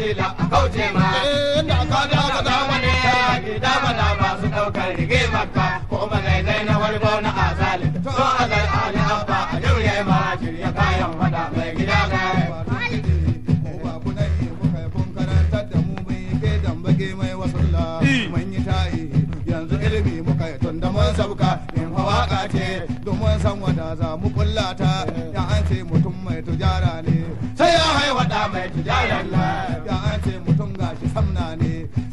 tila a kauce ma inda aka da aka da wani yaki dama da masu daukar rige makka ko mazaizai na warbo na azali to azal ali abba a jure ma shirya kayan wada mai gida ga yanzu ilimi muka yi sauka in hawaka ce domin san wada za mu kullata ya an ce mutum mai tujara ne sai ya haiwada mai tujarar la famnane